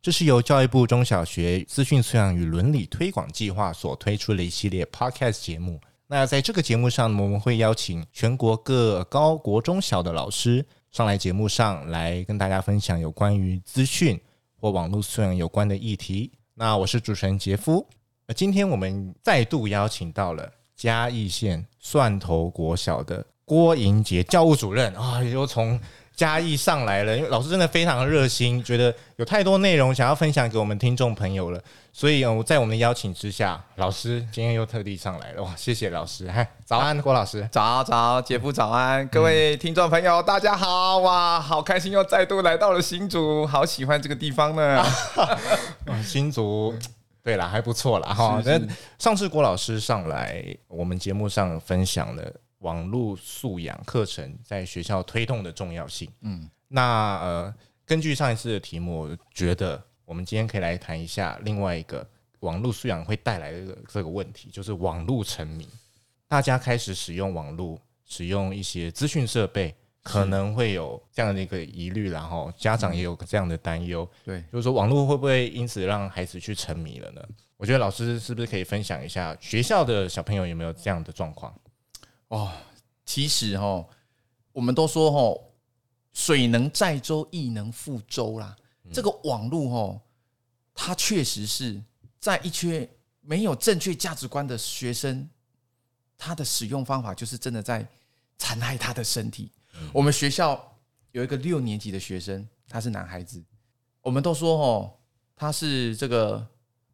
這是由教育部中小學資訊素養與倫理推廣計劃所推出的一系列 podcast 節目。那在這個節目上，我們會邀請全國各高國中小的老師上來節目上來跟大家分享有關於資訊或網路素養有關的議題。那我是主持人傑夫，今天我們再度邀請到了嘉義縣蒜頭國小的郭盈傑教務主任啊、哦，也就從。嘉義上來了，因為老師真的非常熱心，覺得有太多內容想要分享給我們聽眾朋友了，所以啊，在我們邀請之下，老師今天又特地上來了哇！謝謝老師，嗨，早安，早安，郭老師，早早姐夫早安，各位聽眾朋友，嗯、大家好哇！好開心又再度來到了新竹，好喜歡這個地方呢。新竹，嗯、對了，還不錯了哈。那上次郭老師上來，我們節目上分享了。網絡素養課程在學校推動的重要性嗯，那。嗯，那呃，根據上一次的題目，我覺得我們今天可以來談一下另外一個網絡素養會帶來的這個問題，就是網絡沉迷。大家開始使用網絡使用一些資訊設備，可能會有這樣的一個疑慮，然後家長也有這樣的擔憂。對，嗯、就是說網絡會不會因此讓孩子去沉迷了呢？對，我覺得老師是不是可以分享一下學校的小朋友有沒有這樣的狀況？哦，其實哦，我們都說哈，水能載舟，亦能覆舟啦。這個網絡哦，它確實是在一群沒有正確價值觀的學生，他的使用方法就是真的在殘害他的身體。嗯、我們學校有一個六年級的學生，他是男孩子，我們都說哦，他是這個。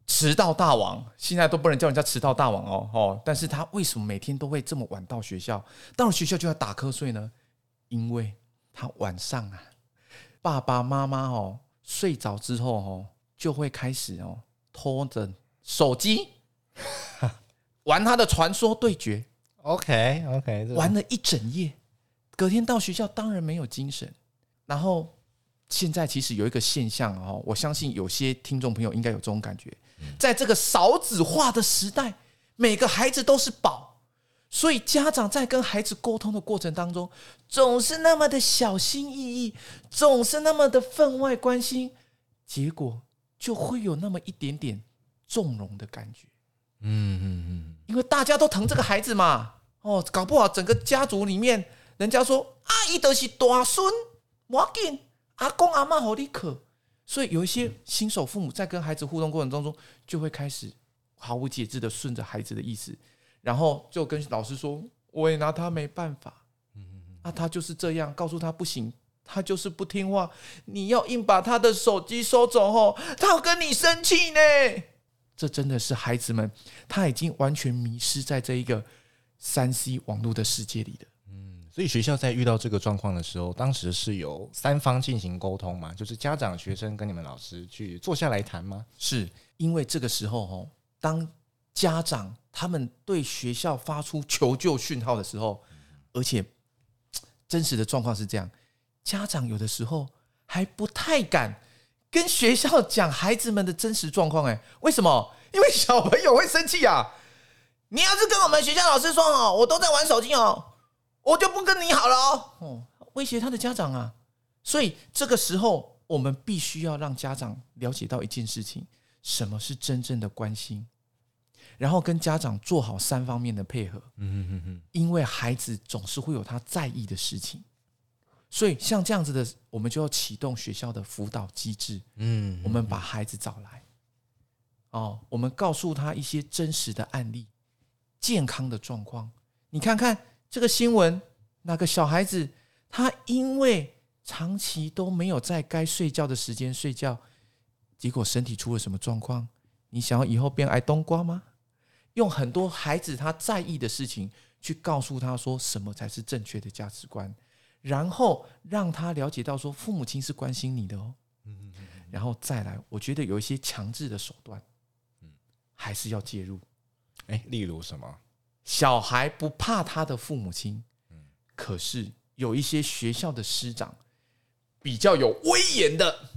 遲到大王現在都不能叫人家遲到大王哦，哦，但是他為什麼每天都會這麼晚到學校？到了學校就要打瞌睡呢？因為他晚上啊，爸爸媽媽哦睡着之後哦，就會開始哦拖着手機 玩他的傳說對決，OK OK，玩了一整夜，隔天到學校當然沒有精神。然後現在其實有一個現象哦，我相信有些聽眾朋友應該有這種感覺。在這個少子化的時代，每個孩子都是寶，所以家長在跟孩子溝通的過程當中，總是那麼的小心翼翼，總是那麼的分外關心，結果就會有那麼一點點縱容的感覺。嗯嗯嗯，嗯嗯因為大家都疼這個孩子嘛。哦，搞不好整個家族裡面，人家說啊，一德是大孫，我跟阿公阿媽好你可。」可所以有一些新手父母在跟孩子互動過程當中，就會開始毫無節制的順着孩子的意思，然後就跟老師說：“我也拿他沒辦法。”嗯，那他就是這樣，告訴他不行，他就是不聽話，你要硬把他的手機收走哦，他要跟你生氣呢。這真的是孩子們，他已經完全迷失在這一個三 C 網絡的世界裡了。所以學校在遇到這個狀況的時候，當時是由三方進行溝通嘛，就是家長、學生跟你們老師去坐下來談嗎？是因為這個時候哦，當家長他們對學校發出求救訊號的時候，而且真實的狀況是這樣，家長有的時候還不太敢跟學校講孩子們的真實狀況，欸，為什麼？因為小朋友會生氣啊。你要是跟我們學校老師說哦，我都在玩手機哦、喔。我就不跟你好了哦！威脅他的家長啊，所以這個時候我們必須要讓家長了解到一件事情：什麼是真正的關心，然後跟家長做好三方面的配合。因為孩子總是會有他在意的事情，所以像這樣子的，我們就要啟動學校的輔導機制。嗯，我們把孩子找來，哦，我們告訴他一些真實的案例、健康的狀況，你看看。這個新聞。那個小孩子，他因為長期都沒有在該睡覺的時間睡覺，結果身體出了什麼狀況？你想要以後變矮冬瓜嗎？用很多孩子他在意的事情去告訴他說什麼才是正確的價值觀，然後讓他了解到說父母親是關心你的哦，嗯，然後再來，我覺得有一些強制的手段，嗯，還是要介入，哎，例如什麼？小孩不怕他的父母親，可是有一些學校的師長比較有威嚴的，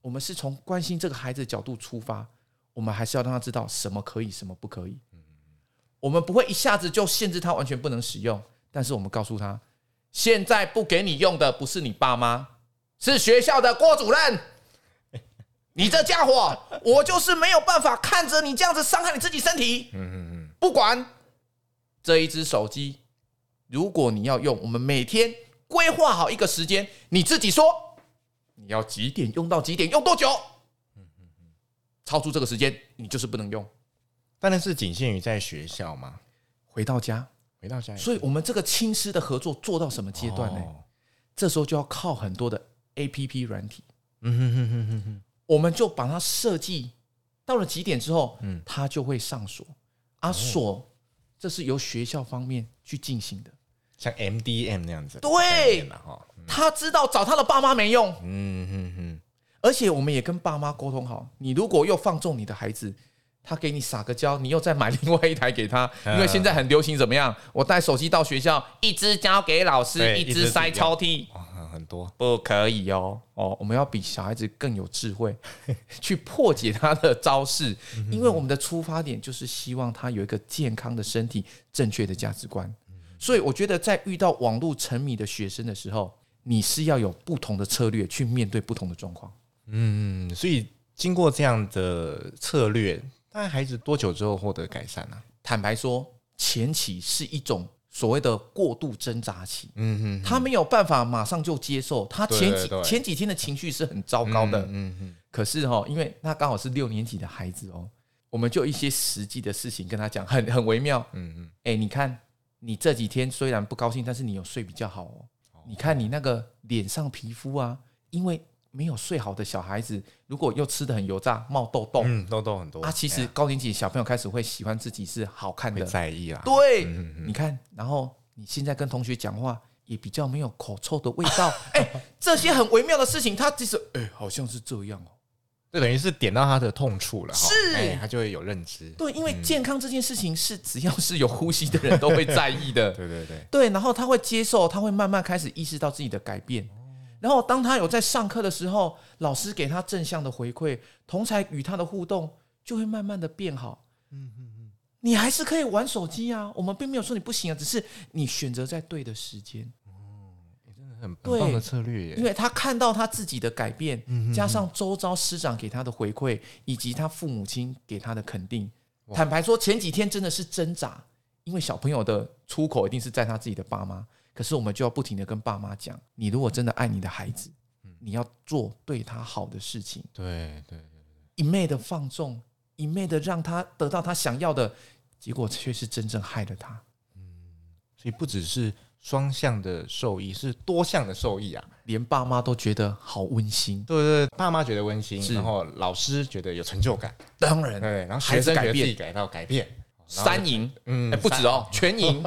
我們是從關心這個孩子的角度出發，我們還是要讓他知道什麼可以，什麼不可以。我們不會一下子就限制他完全不能使用，但是我們告訴他，現在不給你用的不是你爸媽，是學校的郭主任。你這家伙，我就是沒有辦法看着你這樣子傷害你自己身體，不管。這一支手機，如果你要用，我們每天規劃好一個時間，你自己說你要幾點用到幾點，用多久？嗯嗯嗯，超出這個時間，你就是不能用。當然是僅限於在學校嘛。回到家，回到家裡，所以我們這個親師的合作做到什麼階段呢？哦、這時候就要靠很多的 APP 軟體。嗯呵呵呵，我們就把它設計到了幾點之後，它就會上鎖。嗯、啊鎖。這是由學校方面去進行的，像 MDM 那樣子。對，他知道找他的爸媽沒用。嗯嗯嗯。而且我們也跟爸媽溝通好，你如果又放縱你的孩子，他給你撒個嬌，你又再買另外一台給他，嗯、因為現在很流行怎麼樣？我帶手機到學校，一支交給老師，對一支塞抽屜。很多不可以哦哦，我們要比小孩子更有智慧， 去破解他的招式，嗯、哼因為我們的出發點就是希望他有一個健康的身體、正確的價值觀。所以我覺得，在遇到網路沉迷的學生的時候，你是要有不同的策略去面對不同的狀況。嗯，所以經過這樣的策略，那孩子多久之後獲得改善呢？啊嗯。坦白說，前期是一種。所謂的過度掙扎期，嗯、哼哼他沒有辦法馬上就接受，他前幾對對對前幾天的情緒是很糟糕的，嗯、哼哼可是哈、哦，因為他剛好是六年級的孩子哦，我們就一些實際的事情跟他講，很很微妙，嗯嗯哼，哎、欸，你看你這幾天雖然不高興，但是你有睡比較好哦，哦你看你那個臉上皮膚啊，因為。沒有睡好的小孩子，如果又吃得很油炸，冒痘痘，嗯、痘痘很多啊。其實高年級的小朋友開始會喜歡自己是好看的，在意啦。對，嗯嗯你看，然後你現在跟同學講話也比較沒有口臭的味道。哎，這些很微妙的事情，他其實哎、欸，好像是這樣哦、喔。這等於是點到他的痛處了，是、欸，他就會有認知。對，因為健康這件事情是，只要是有呼吸的人都會在意的。嗯、 對，對對對，對，然後他會接受，他會慢慢開始意識到自己的改變。然後，當他有在上課的時候，老師給他正向的回饋，同儕與他的互動就會慢慢的變好。嗯嗯嗯，你還是可以玩手機啊，我們並沒有說你不行啊，只是你選擇在對的時間。哦、欸，真的很，對很棒的策略耶！因為他看到他自己的改變，嗯、哼哼加上周遭師長給他的回饋，以及他父母親給他的肯定。哇坦白說，前幾天真的是掙扎，因為小朋友的出口一定是在他自己的爸媽。可是我們就要不停的跟爸媽講，你如果真的愛你的孩子，你要做對他好的事情，對對對對，一昧的放縱，一味的讓他得到他想要的，結果卻是真正害了他，嗯，所以不只是雙向的受益，是多向的受益啊，連爸媽都覺得好溫馨，對，對對，爸媽覺得溫馨，是，然後老師覺得有成就感，當然，對，然後孩子覺得自己改到改變。三贏，嗯，不止哦，全贏。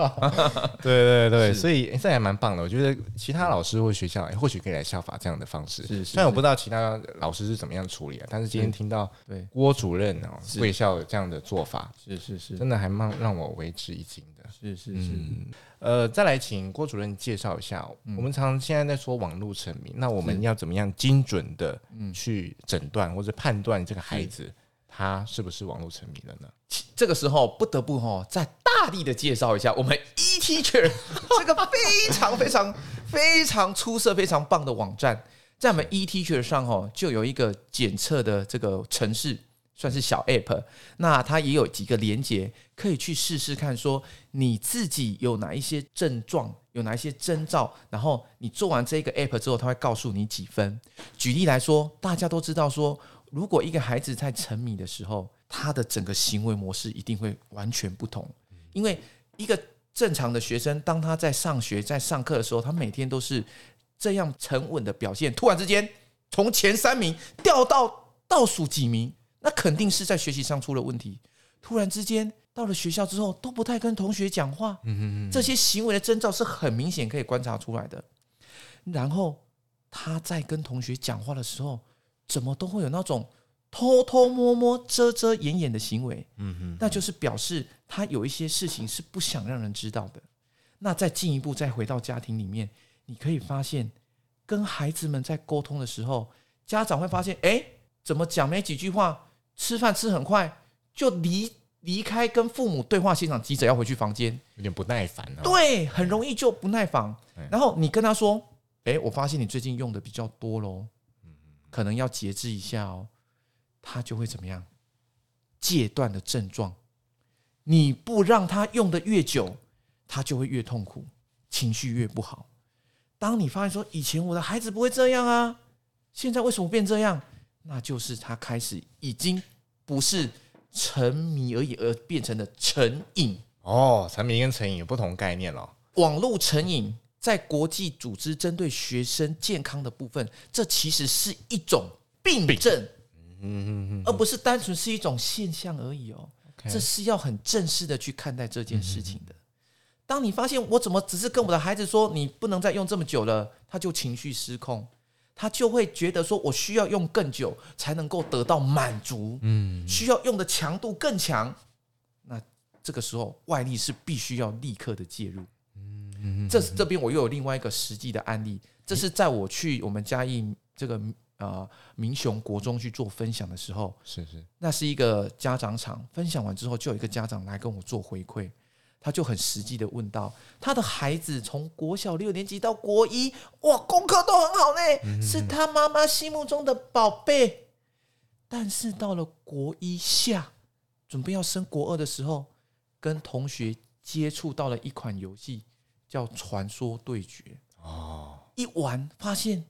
對對對，所以這還蠻棒的。我覺得其他老師或學校或許可以來效法這樣的方式。雖然我不知道其他老師是怎麼樣處理啊，但是今天聽到對郭主任哦，貴校這樣的做法，是是是，真的還蠻讓我為之一驚的。是是是，呃，再來請郭主任介紹一下，我們常常現在在說網絡沉迷，那我們要怎麼樣精準的去診斷或者判斷這個孩子他是不是網絡沉迷了呢？這個時候不得不哈，再大力的介紹一下我們 eTeacher 這 個非常非常非常出色、非常棒的網站，在我們 eTeacher 上哦，就有一個檢測的這個程式，算是小 App。那它也有幾個連接可以去試試看，說你自己有哪一些症狀，有哪一些徵兆，然後你做完這個 App 之後，它會告訴你幾分。舉例來說，大家都知道說，如果一個孩子在沉迷的時候。他的整個行為模式一定會完全不同，因為一個正常的學生，當他在上學、在上課的時候，他每天都是這樣沉穩的表現。突然之間從前三名掉到倒數幾名，那肯定是在學習上出了問題。突然之間到了學校之後都不太跟同學講話，這些行為的徵兆是很明顯可以觀察出來的。然後他在跟同學講話的時候，怎麼都會有那種。偷偷摸摸、遮遮掩掩的行為，嗯哼哼，那就是表示他有一些事情是不想讓人知道的。那再進一步，再回到家庭裡面，你可以發現，跟孩子們在溝通的時候，家長會發現，哎、欸，怎麼講沒幾句話，吃飯吃很快就離離開，跟父母對話現場急着要回去房間，有點不耐煩了、哦。對，很容易就不耐煩。然後你跟他說，哎、欸，我發現你最近用的比較多嘍，可能要節制一下哦。他就會怎麼樣？戒斷的症狀，你不讓他用得越久，他就會越痛苦，情緒越不好。當你發現說以前我的孩子不會這樣啊，現在為什麼變這樣？那就是他開始已經不是沉迷而已，而變成了成癮。哦，沉迷跟成癮有不同概念了、哦。網絡成癮在國際組織針對學生健康的部分，這其實是一種病症。病而不是單純是一種現象而已哦、喔，這是要很正式的去看待這件事情的。當你發現我怎麼只是跟我的孩子說你不能再用這麼久了，他就情緒失控，他就會覺得說我需要用更久才能夠得到滿足，需要用的強度更強。那這個時候外力是必須要立刻的介入，嗯。這這邊我又有另外一個實際的案例，這是在我去我們嘉義這個。啊、呃！民雄國中去做分享的時候，是是，那是一個家長場。分享完之後，就有一個家長來跟我做回饋，他就很實際的問到：他的孩子從國小六年級到國一，哇，功課都很好嘞，嗯嗯嗯是他媽媽心目中的寶貝。但是到了國一下，準備要升國二的時候，跟同學接觸到了一款遊戲，叫《傳說對決》。哦，一玩發現。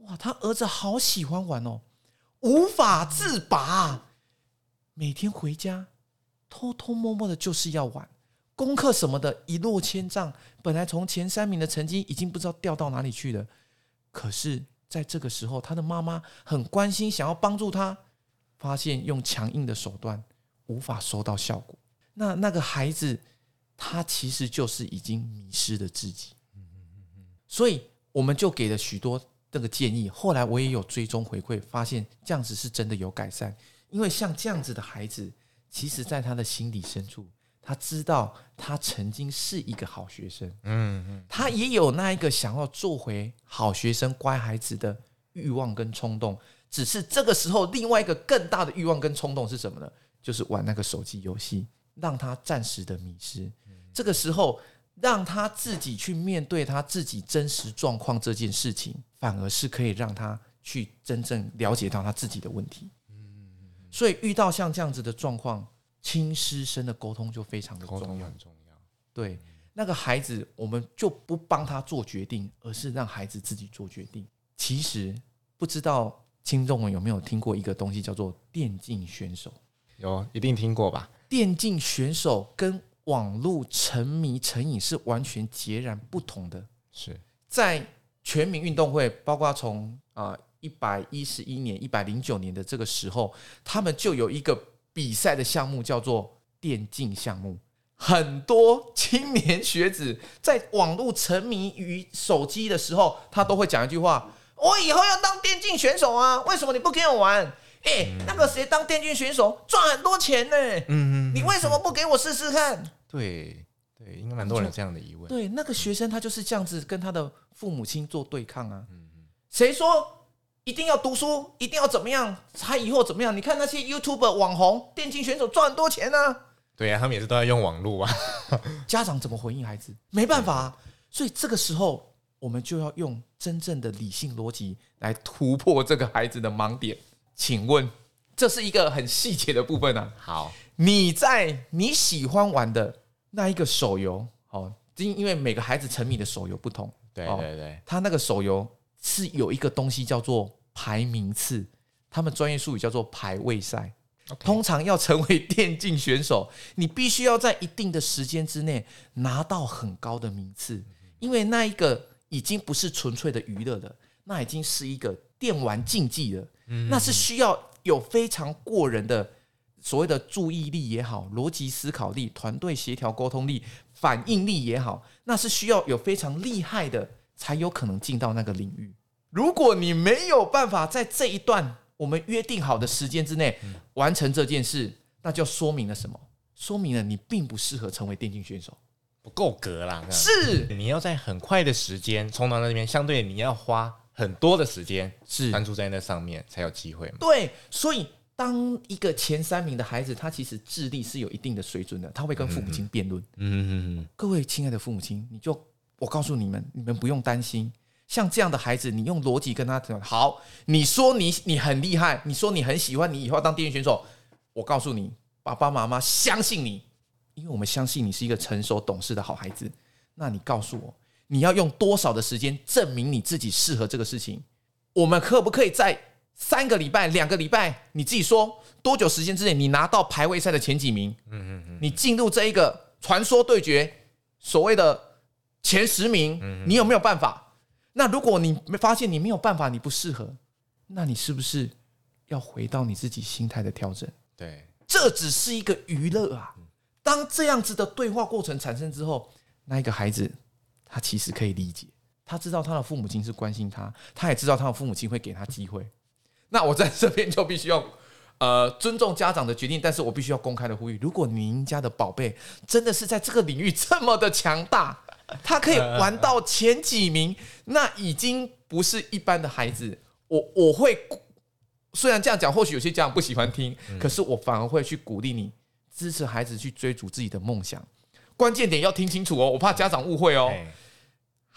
哇，他兒子好喜歡玩哦，無法自拔，每天回家偷偷摸摸的，就是要玩，功課什麼的一落千丈，本來從前三名的成績已經不知道掉到哪裡去了。可是，在這個時候，他的媽媽很關心，想要幫助他，發現用強硬的手段無法收到效果。那那個孩子，他其實就是已經迷失了自己。嗯嗯嗯嗯，所以我們就給了許多。這個建議，後來我也有追蹤回饋，發現這樣子是真的有改善。因為像這樣子的孩子，其實在他的心底深處，他知道他曾經是一個好學生，嗯嗯，嗯他也有那一個想要做回好學生、乖孩子的欲望跟衝動。只是這個時候，另外一個更大的欲望跟衝動是什麼呢？就是玩那個手機遊戲，讓他暫時的迷失。這個時候。讓他自己去面對他自己真實狀況這件事情，反而是可以讓他去真正了解到他自己的問題。嗯，嗯嗯，所以遇到像這樣子的狀況，親師生的溝通就非常的重要。溝通很重要。對，嗯、那個孩子，我們就不幫他做決定，而是讓孩子自己做決定。其實不知道聽眾們有沒有聽過一個東西，叫做電競選手。有，一定聽過吧？電競選手跟。網絡沉迷成癮，是完全截然不同的。是在全民運動會，包括從啊一百一十一年、一百零九年的這個時候，他們就有一個比賽的項目叫做電競項目。很多青年學子在網絡沉迷於手機的時候，他都會講一句話：“我以後要當電競選手啊！”為什麼你不給我玩？哎、欸，那個誰當電競選手賺很多錢呢？嗯嗯，你為什麼不給我試試看？對對，應該蠻多人有這樣的疑問。對，那個學生他就是這樣子跟他的父母親做對抗啊。嗯、誰說一定要讀書，一定要怎麼樣？他以後怎麼樣？你看那些 YouTuber 網紅、電競選手賺很多錢呢、啊。對啊，他們也是都要用網絡啊。 家長怎麼回應孩子？沒辦法、啊，對所以這個時候我們就要用真正的理性邏輯來突破這個孩子的盲點。請問。這是一個很細節的部分啊。好，你在你喜歡玩的那一個手遊哦，因因為每個孩子沉迷的手遊不同。對對對，他那個手遊是有一個東西叫做排名次，他們專業術語叫做排位賽。通常要成為電競選手，你必須要在一定的時間之內拿到很高的名次，因為那一個已經不是純粹的娛樂了，那已經是一個電玩競技了。嗯，那是需要。有非常過人的所謂的注意力也好，邏輯思考力、團隊協調溝通力、反應力也好，那是需要有非常厲害的才有可能進到那個領域。如果你沒有辦法在這一段我們約定好的時間之內完成這件事，嗯、那就說明了什麼？說明了你並不適合成為電競選手，不夠格啦！是你要在很快的時間衝到那邊，裡面相對你要花。很多的時間是專注在那上面才有機會嘛？對，所以當一個前三名的孩子，他其實智力是有一定的水準的，他會跟父母親辯論。嗯、嗯、嗯，各位親愛的父母親，你就我告訴你們，你們不用擔心，像這樣的孩子，你用邏輯跟他講，好，你說你你很厲害，你說你很喜歡，你以後要當電競選手。我告訴你，爸爸媽媽相信你，因為我們相信你是一個成熟懂事的好孩子。那你告訴我。你要用多少的時間證明你自己適合這個事情？我們可不可以在三個禮拜、兩個禮拜，你自己說多久時間之內，你拿到排位賽的前幾名？你進入這一個傳說對決所謂的前十名，你有沒有辦法？那如果你發現你沒有辦法，你不適合，那你是不是要回到你自己心態的調整？對，這只是一個娛樂啊。當這樣子的對話過程產生之後，那一個孩子。他其實可以理解，他知道他的父母親是關心他，他也知道他的父母親會給他機會。那我在這邊就必須要呃、尊重家長的決定，但是我必須要公開的呼籲：如果您家的寶貝真的是在這個領域這麼的強大，他可以玩到前幾名，那已經不是一般的孩子。我我會雖然這樣講，或許有些家長不喜歡聽，可是我反而會去鼓勵你，支持孩子去追逐自己的夢想。關鍵點要聽清楚哦，我怕家長誤會哦。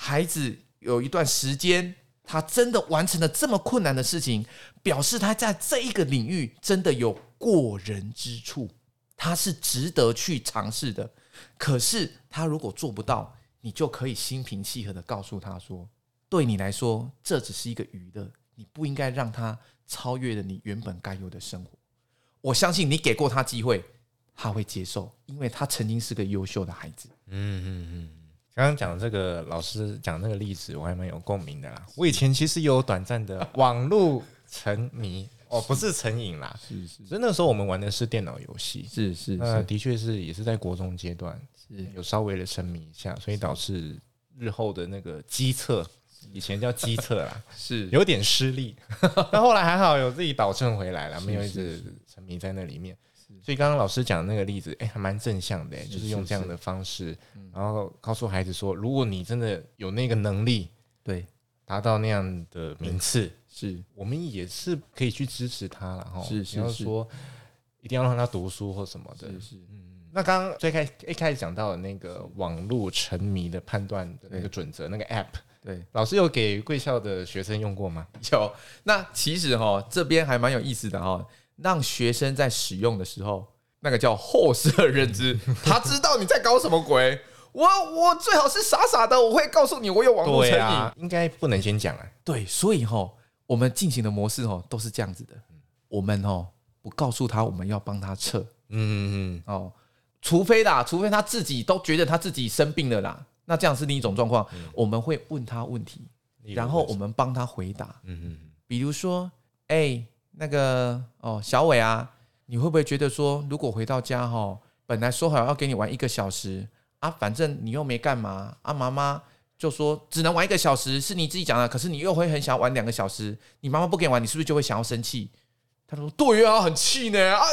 孩子有一段時間，他真的完成了這麼困難的事情，表示他在這一個領域真的有過人之處，他是值得去嘗試的。可是他如果做不到，你就可以心平氣和地告訴他說：“對你來說，這只是一個娛樂，你不應該讓他超越了你原本該有的生活。”我相信你給過他機會，他會接受，因為他曾經是個優秀的孩子。嗯嗯嗯。剛剛講這個老師講那個例子，我還蠻有共鳴的啦。是我以前其實有短暫的網絡沉迷，是哦，不是成癮啦，是是。所以那時候我們玩的是電腦遊戲，是，是是。那、呃、的確是也是在國中階段，是有稍微的沉迷一下，所以導致日後的那個基測，是以前叫基測啦，是 有點失利。那 後來還好有自己導正回來了，是是是，沒有一直沉迷在那裡面。所以剛剛老師講的那個例子，哎、欸，還蠻正向的，是是是，就是用這樣的方式，是是是，然後告訴孩子說，如果你真的有那個能力，對，達到那樣的名次，是，是我們也是可以去支持他了，哈。是是，是要說是是一定要讓他讀書或什麼的。是，是。嗯。那剛剛最開一開始講到的那個網絡沉迷的判斷的那個準則，對，那個 App，對，老師有給貴校的學生用過嗎？有。那其實哈，這邊還蠻有意思的哈。讓學生在使用的時候，那個叫後設認知，嗯、他知道你在搞什麼鬼。 我我最好是傻傻的，我會告訴你我有網絡成癮、啊。應該不能先講了。對，所以吼我們進行的模式吼都是這樣子的。我們吼不告訴他我們要幫他測。嗯嗯嗯。哦，除非啦，除非他自己都覺得他自己生病了啦，那這樣是另一種狀況。嗯、我們會問他問題，然後我們幫他回答。嗯、嗯嗯。比如說，誒、欸。那個哦，小偉啊，你會不會覺得說，如果回到家哈，本來說好要給你玩一個小時啊，反正你又沒幹嘛啊，媽媽就說只能玩一個小時，是你自己講的，可是你又會很想玩兩個小時，你媽媽不給你玩，你是不是就會想要生氣？他說對啊，很氣呢啊啊，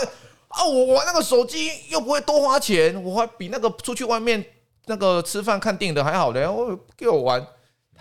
啊我玩那個手機又不會多花錢，我還比那個出去外面那個吃飯看電影的還好嘞，我不給我玩。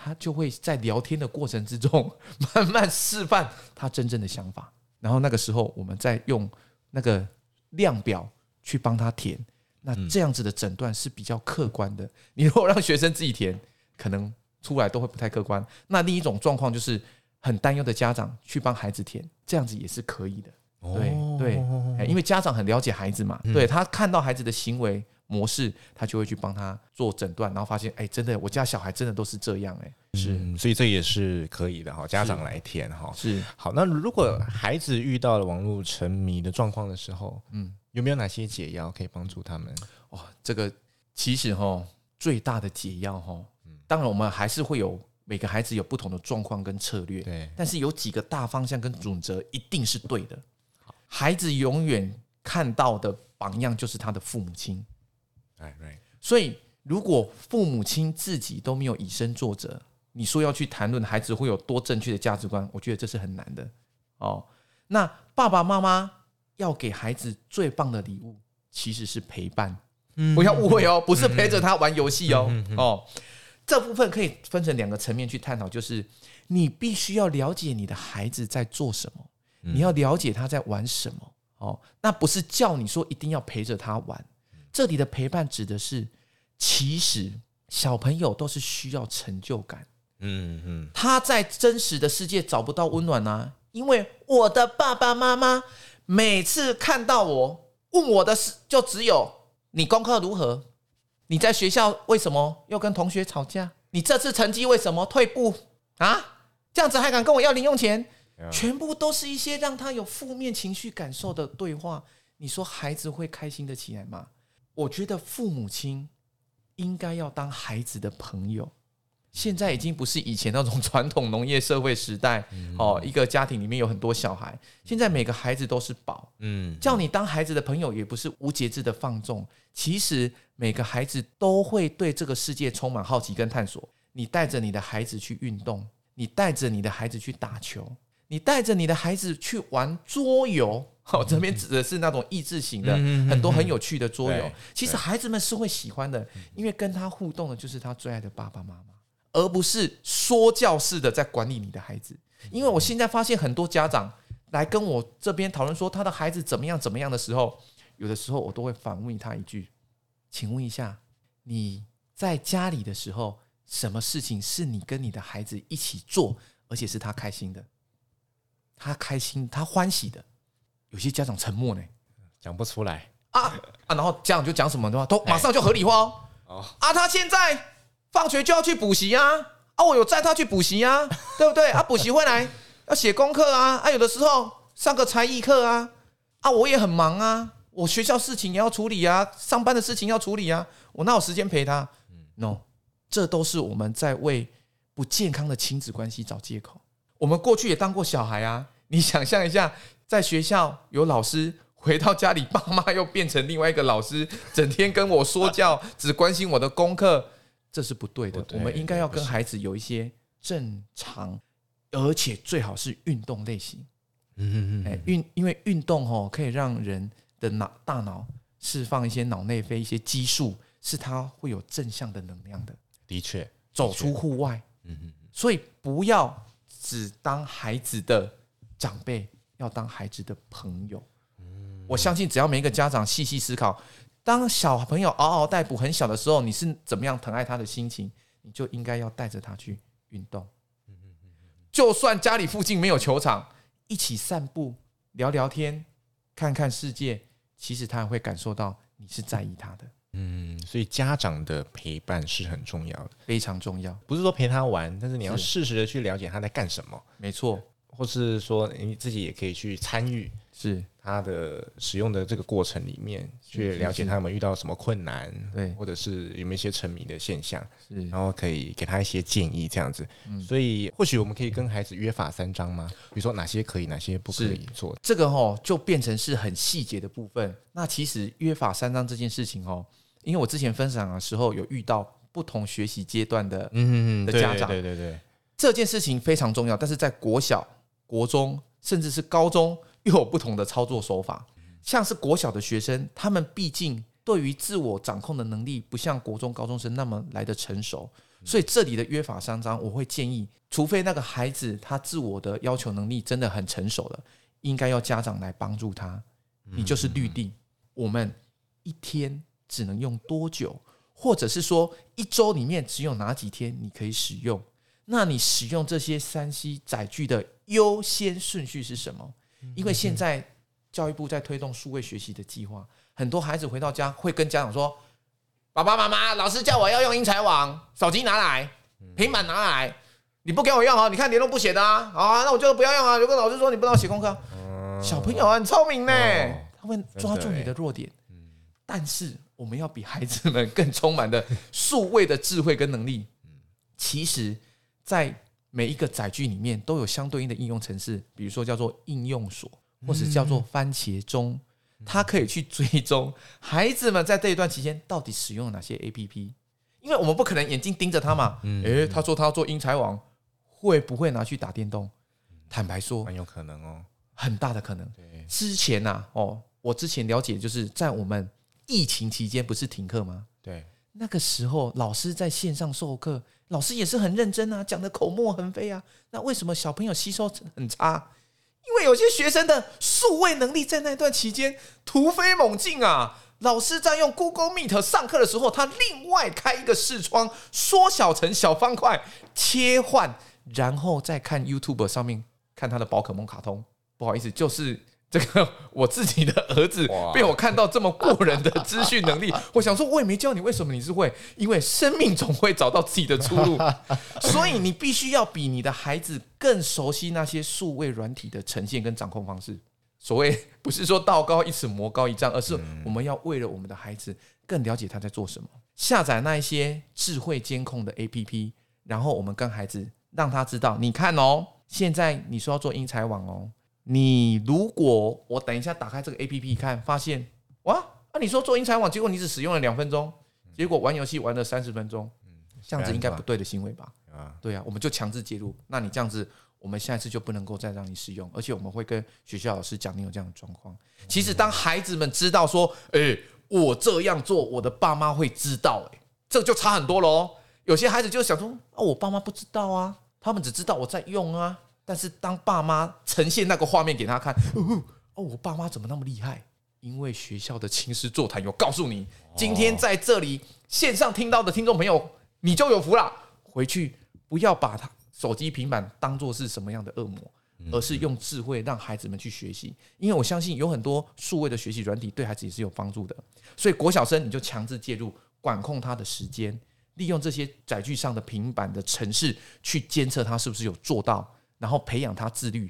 他就會在聊天的過程之中慢慢示範他真正的想法，然後那個時候我們再用那個量表去幫他填，那這樣子的診斷是比較客觀的。你如果讓學生自己填，可能出來都會不太客觀。那另一種狀況就是很擔憂的家長去幫孩子填，這樣子也是可以的。哦，對。對對，因為家長很了解孩子嘛，對，他看到孩子的行為模式，他就會去幫他做診斷，然後發現，哎、欸，真的，我家小孩真的都是這樣，欸，哎是，是、嗯，所以這也是可以的哈，家長來填哈，是。好，那如果孩子遇到了網絡沉迷的狀況的時候，嗯，有沒有哪些解藥可以幫助他們？哇、哦，這個其實哈，最大的解藥哈，當然我們還是會有每個孩子有不同的狀況跟策略，對，但是有幾個大方向跟準則一定是對的。好孩子永遠看到的榜樣就是他的父母親。哎，對，所以如果父母親自己都沒有以身作則，你說要去談論孩子會有多正確的價值觀，我覺得這是很難的哦。那爸爸媽媽要給孩子最棒的禮物，其實是陪伴。嗯，不要誤會哦，不是陪着他玩遊戲哦。哦，這部分可以分成兩個層面去探討，就是你必須要了解你的孩子在做什麼，你要了解他在玩什麼。嗯，哦，那不是叫你說一定要陪着他玩。這裡的陪伴指的是，其實小朋友都是需要成就感。嗯嗯，他在真實的世界找不到溫暖啊，因為我的爸爸媽媽每次看到我問我的事，就只有你功課如何？你在學校為什麼又跟同學吵架？你這次成績為什麼退步啊？這樣子還敢跟我要零用錢？全部都是一些讓他有負面情緒感受的對話。你說孩子會開心得起來嗎？我覺得父母親應該要當孩子的朋友。現在已經不是以前那種傳統農業社會時代哦，一個家庭裡面有很多小孩。現在每個孩子都是寶，嗯，叫你當孩子的朋友也不是無節制的放縱。其實每個孩子都會對這個世界充滿好奇跟探索。你帶着你的孩子去運動，你帶着你的孩子去打球，你帶着你的孩子去玩桌遊。我這邊指的是那種益智型的，很多很有趣的桌遊，其實孩子們是會喜歡的，因為跟他互動的就是他最愛的爸爸媽媽，而不是說教式的在管理你的孩子。因為我現在發現很多家長來跟我這邊討論說他的孩子怎麼樣怎麼樣的時候，有的時候我都會反問他一句：“請問一下，你在家裡的時候，什麼事情是你跟你的孩子一起做，而且是他開心的，他開心，他歡喜的？”有些家長沉默呢，欸啊，講不出來啊啊！啊然後家長就講什麼的話，都馬上就合理化哦。啊，他現在放學就要去補習啊。啊，我有載他去補習啊，對不對啊？補習回來要寫功課啊啊，有的時候上個才藝課啊啊，我也很忙啊，我學校事情也要處理啊，上班的事情要處理啊，我哪有時間陪他？嗯，No，這都是我們在為不健康的親子關係找借口。我們過去也當過小孩啊，你想象一下。在學校有老師，回到家裡，爸媽又變成另外一個老師，整天跟我說教，只關心我的功課，這是不對的。我們應該要跟孩子有一些正常，而且最好是運動類型。嗯嗯嗯。運因為運動吼可以讓人的腦大腦釋放一些腦內啡，一些激素，是它會有正向的能量的。的確，走出戶外。嗯嗯。所以不要只當孩子的長輩。要當孩子的朋友，我相信只要每一個家長細細思考，當小朋友嗷嗷待哺、很小的時候，你是怎麼樣疼愛他的心情，你就應該要帶着他去運動。嗯嗯嗯，就算家裡附近沒有球場，一起散步、聊聊天、看看世界，其實他會感受到你是在意他的。嗯，所以家長的陪伴是很重要的，非常重要。不是說陪他玩，但是你要適是時的去了解他在幹什麼。沒錯。或是說你自己也可以去參與，是他的使用的這個過程裡面去了解他們遇到什麼困難，對，或者是有沒有一些沉迷的現象，是，然後可以給他一些建議這樣子。嗯，所以或許我們可以跟孩子約法三章嗎？比如說哪些可以，哪些不可以做？做。這個哦就變成是很細節的部分。那其實約法三章這件事情哦，因為我之前分享的時候有遇到不同學習階段的嗯、嗯的家長，對對對，對，這件事情非常重要，但是在國小。國中甚至是高中又有不同的操作手法，像是國小的學生，他們畢竟對於自我掌控的能力不像國中高中生那麼來的成熟，所以這裡的約法三章，我會建議，除非那個孩子他自我的要求能力真的很成熟了，應該要家長來幫助他。你就是律定，我們一天只能用多久，或者是說一周裡面只有哪幾天你可以使用？那你使用這些三 C 載具的。優先順序是什麼？因為現在教育部在推動數位學習的計劃，很多孩子回到家會跟家長說：“爸爸媽媽，老師叫我要用英才網，手機拿來，平板拿來，你不給我用啊，你看聯絡簿寫的啊，啊，那我就不要用啊。如果老師說你不讓我寫功課，小朋友很聰明呢，他會抓住你的弱點。但是我們要比孩子們更充滿的數位的智慧跟能力。其實，在每一個載具裡面都有相對應的應用程式，比如說叫做應用鎖，或是叫做番茄鐘，嗯、它可以去追蹤孩子們在這一段期間到底使用了哪些 APP，因為我們不可能眼睛盯着他嘛。誒、嗯嗯欸，他說他要做英才網，會不會拿去打電動？嗯、坦白說，很有可能哦，很大的可能。對 之前吶、啊，哦，我之前了解，就是在我們疫情期間不是停課嗎？對。那個時候，老師在線上授課，老師也是很認真啊，講的口沫橫飛啊。那為什麼小朋友吸收很差？因為有些學生的數位能力在那段期間突飛猛進啊。老師在用 Google Meet 上課的時候，他另外開一個視窗，縮小成小方塊，切換，然後再看 YouTube 上面看他的寶可夢卡通。不好意思，就是。這個我自己的兒子，被我看到這麼過人的資訊能力，我想說，我也沒教你，為什麼你是會？因為生命總會找到自己的出路，所以你必須要比你的孩子更熟悉那些數位軟體的呈現跟掌控方式。所謂不是說道高一尺魔高一丈，而是我們要為了我們的孩子更了解他在做什麼。下載那一些智慧監控的 APP，然後我們跟孩子讓他知道，你看哦，現在你說要做英才網哦。你如果我等一下打開這個 APP 看，發現哇，那、啊、你說做英才網，結果你只使用了兩分鐘，結果玩遊戲玩了三十分鐘，這樣子應該不對的行為吧？啊，對啊，我們就強制介入。那你這樣子，我們下一次就不能夠再讓你使用，而且我們會跟學校老師講你有這樣的狀況。其實當孩子們知道說，哎、欸，我這樣做，我的爸媽會知道、欸，誒，這個、就差很多嘍。有些孩子就想說，哦、啊，我爸媽不知道啊，他們只知道我在用啊。但是，當爸媽呈現那個畫面給他看，嗯、哦，我爸媽怎麼那麼厲害？因為學校的親師座談，有告訴你，哦、今天在這裡線上聽到的聽眾朋友，你就有福了。回去不要把他手機、平板當做是什麼樣的惡魔，而是用智慧讓孩子們去學習。因為我相信有很多數位的學習軟體對孩子也是有幫助的。所以，國小生你就強制介入管控他的時間，利用這些載具上的平板的程式去監測他是不是有做到。然後培養他自律。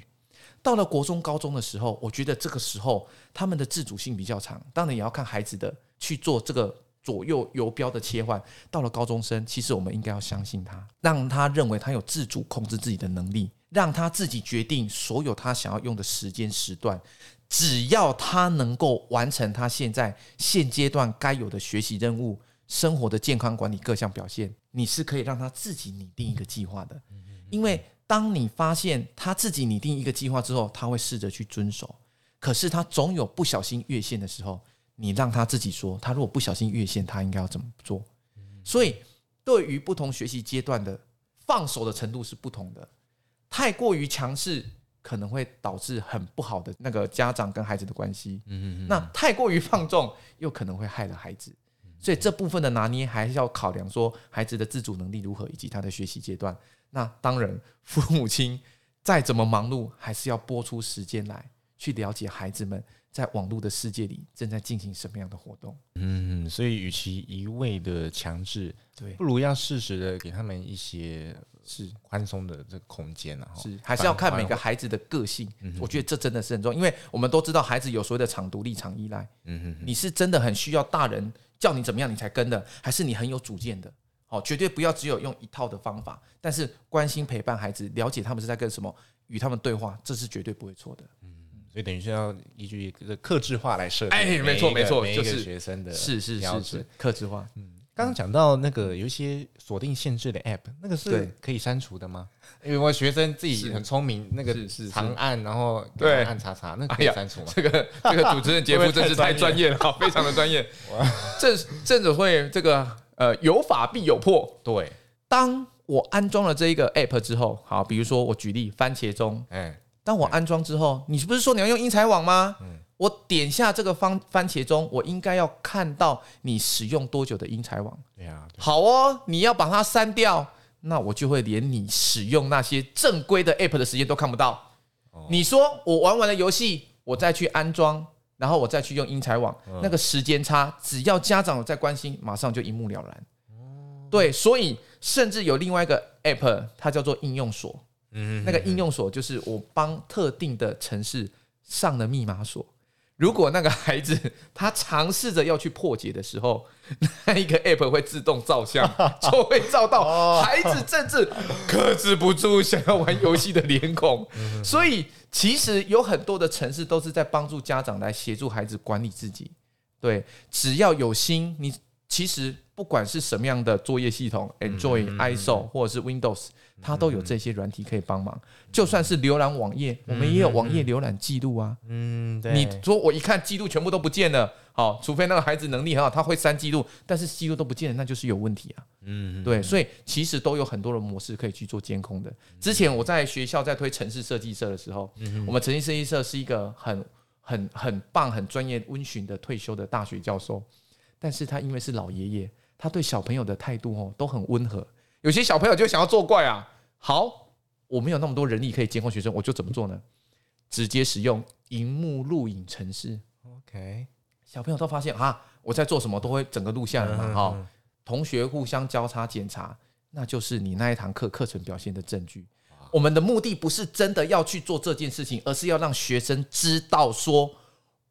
到了國中、高中的時候，我覺得這個時候他們的自主性比較強，當然也要看孩子的去做這個左右游標的切換。到了高中生，其實我們應該要相信他，讓他認為他有自主控制自己的能力，讓他自己決定所有他想要用的時間時段。只要他能夠完成他現在現階段該有的學習任務、生活的健康管理各項表現，你是可以讓他自己擬定一個計劃的，因為。當你發現他自己擬定一個計劃之後，他會試着去遵守。可是他總有不小心越線的時候。你讓他自己說，他如果不小心越線，他應該要怎麼做？所以，對於不同學習階段的放手的程度是不同的。太過於強勢，可能會導致很不好的那個家長跟孩子的關係。那太過於放縱，又可能會害了孩子。所以這部分的拿捏，還是要考量說孩子的自主能力如何，以及他的學習階段。那當然，父母親再怎麼忙碌，還是要撥出時間來去了解孩子們在網絡的世界裡正在進行什麼樣的活動。嗯，所以與其一味的強制，對，不如要適時的給他們一些是寬鬆的這個空間啊，是，還是要看每個孩子的個性。我覺得這真的是很重要，因為我們都知道孩子有所謂的場獨立、場依賴。嗯嗯，你是真的很需要大人叫你怎麼樣你才跟的，還是你很有主見的？哦，絕對不要只有用一套的方法，但是關心陪伴孩子，了解他們是在跟什麼，與他們對話，這是絕對不會錯的。嗯，所以等於是要依據這個客製化來設定。哎，沒錯沒錯，就是學生的，是是是，客製化。嗯，剛剛講到那個有一些鎖定限制的 App，那個是可以刪除的嗎？因為我學生自己很聰明，那個長按然後按查查，那可以刪除。這個這個主持人節目真是太專業了，非常的專業。正正治會這個。呃，有法必有破。對，當我安裝了這一個 app 之後，好，比如說我舉例番茄鐘，誒、嗯，當我安裝之後，你是不是說你要用因材網嗎？嗯、我點下這個方番茄鐘，我應該要看到你使用多久的因材網？Yeah, 對，好哦，你要把它刪掉，那我就會連你使用那些正規的 app 的時間都看不到。哦、你說我玩完了遊戲，我再去安裝。然後我再去用英才網，那個時間差，只要家長有在關心，馬上就一目了然。對，所以甚至有另外一個 app，它叫做應用鎖。嗯、哼哼那個應用鎖就是我幫特定的程式上了密碼鎖。如果那個孩子他嘗試着要去破解的時候，那一個 app 會自動照相，就會照到孩子甚至克制不住想要玩遊戲的臉孔。所以其實有很多的城市都是在幫助家長來協助孩子管理自己。對，只要有心，你其實不管是什麼樣的作業系統，Android、iOS 或者是 Windows。他都有這些軟體可以幫忙，就算是瀏覽網頁，我們也有網頁瀏覽記錄啊。嗯，對。你說我一看記錄全部都不見了，好，除非那個孩子能力很好，他會刪記錄，但是記錄都不見了，那就是有問題啊。嗯，對。所以其實都有很多的模式可以去做監控的。之前我在學校在推程式設計社的時候，我們程式設計社是一個很很很棒、很專業、溫馴的退休的大學教授，但是他因為是老爺爺，他對小朋友的態度哦都很溫和。有些小朋友就想要作怪啊！好，我沒有那麼多人力可以監控學生，我就怎麼做呢？直接使用熒幕錄影程式。OK，小朋友都發現啊，我在做什麼都會整個錄像了嘛？哈，同學互相交叉檢查，那就是你那一堂課課程表現的證據。我們的目的不是真的要去做這件事情，而是要讓學生知道說，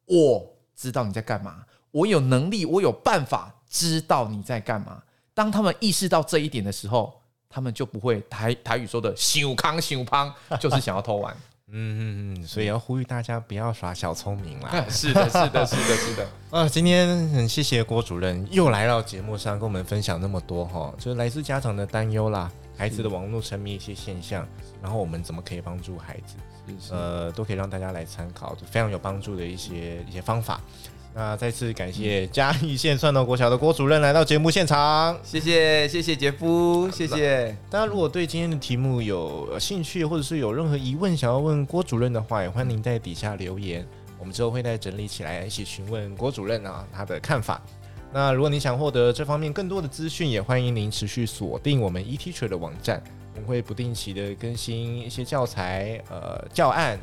我知道你在幹嘛，我有能力，我有辦法知道你在幹嘛。當他們意識到這一點的時候，他們就不會台台語說的“想空想縫”，就是想要偷玩。嗯嗯嗯，所以要呼籲大家不要耍小聰明啦。是的，是的，是的，是的。 啊，今天很謝謝郭主任又來到節目上，跟我們分享那麼多哈、哦，就是來自家長的擔憂啦，孩子的網絡沉迷一些現象，是然後我們怎麼可以幫助孩子，是是呃，都可以讓大家來參考，就非常有幫助的一些一些方法。那再次感謝嘉義縣蒜頭國小的郭主任來到節目現場。嗯謝謝，謝謝謝謝傑夫，謝謝大家。如果對今天的題目有興趣，或者是有任何疑問想要問郭主任的話，也歡迎您在底下留言，我們之後會再整理起來一起詢問郭主任啊他的看法。那如果你想獲得這方面更多的資訊，也歡迎您持續鎖定我們 eTeacher 的網站，我們會不定期的更新一些教材呃教案。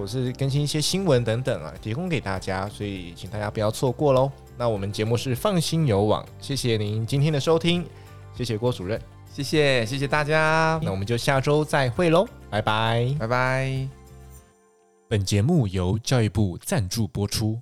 我是更新一些新聞等等啊，提供給大家，所以請大家不要錯過嘍。那我們節目是放心有網，謝謝您今天的收聽，謝謝郭主任，謝謝謝謝大家，嗯，那我們就下周再會嘍，拜拜拜拜。拜拜。本節目由教育部贊助播出。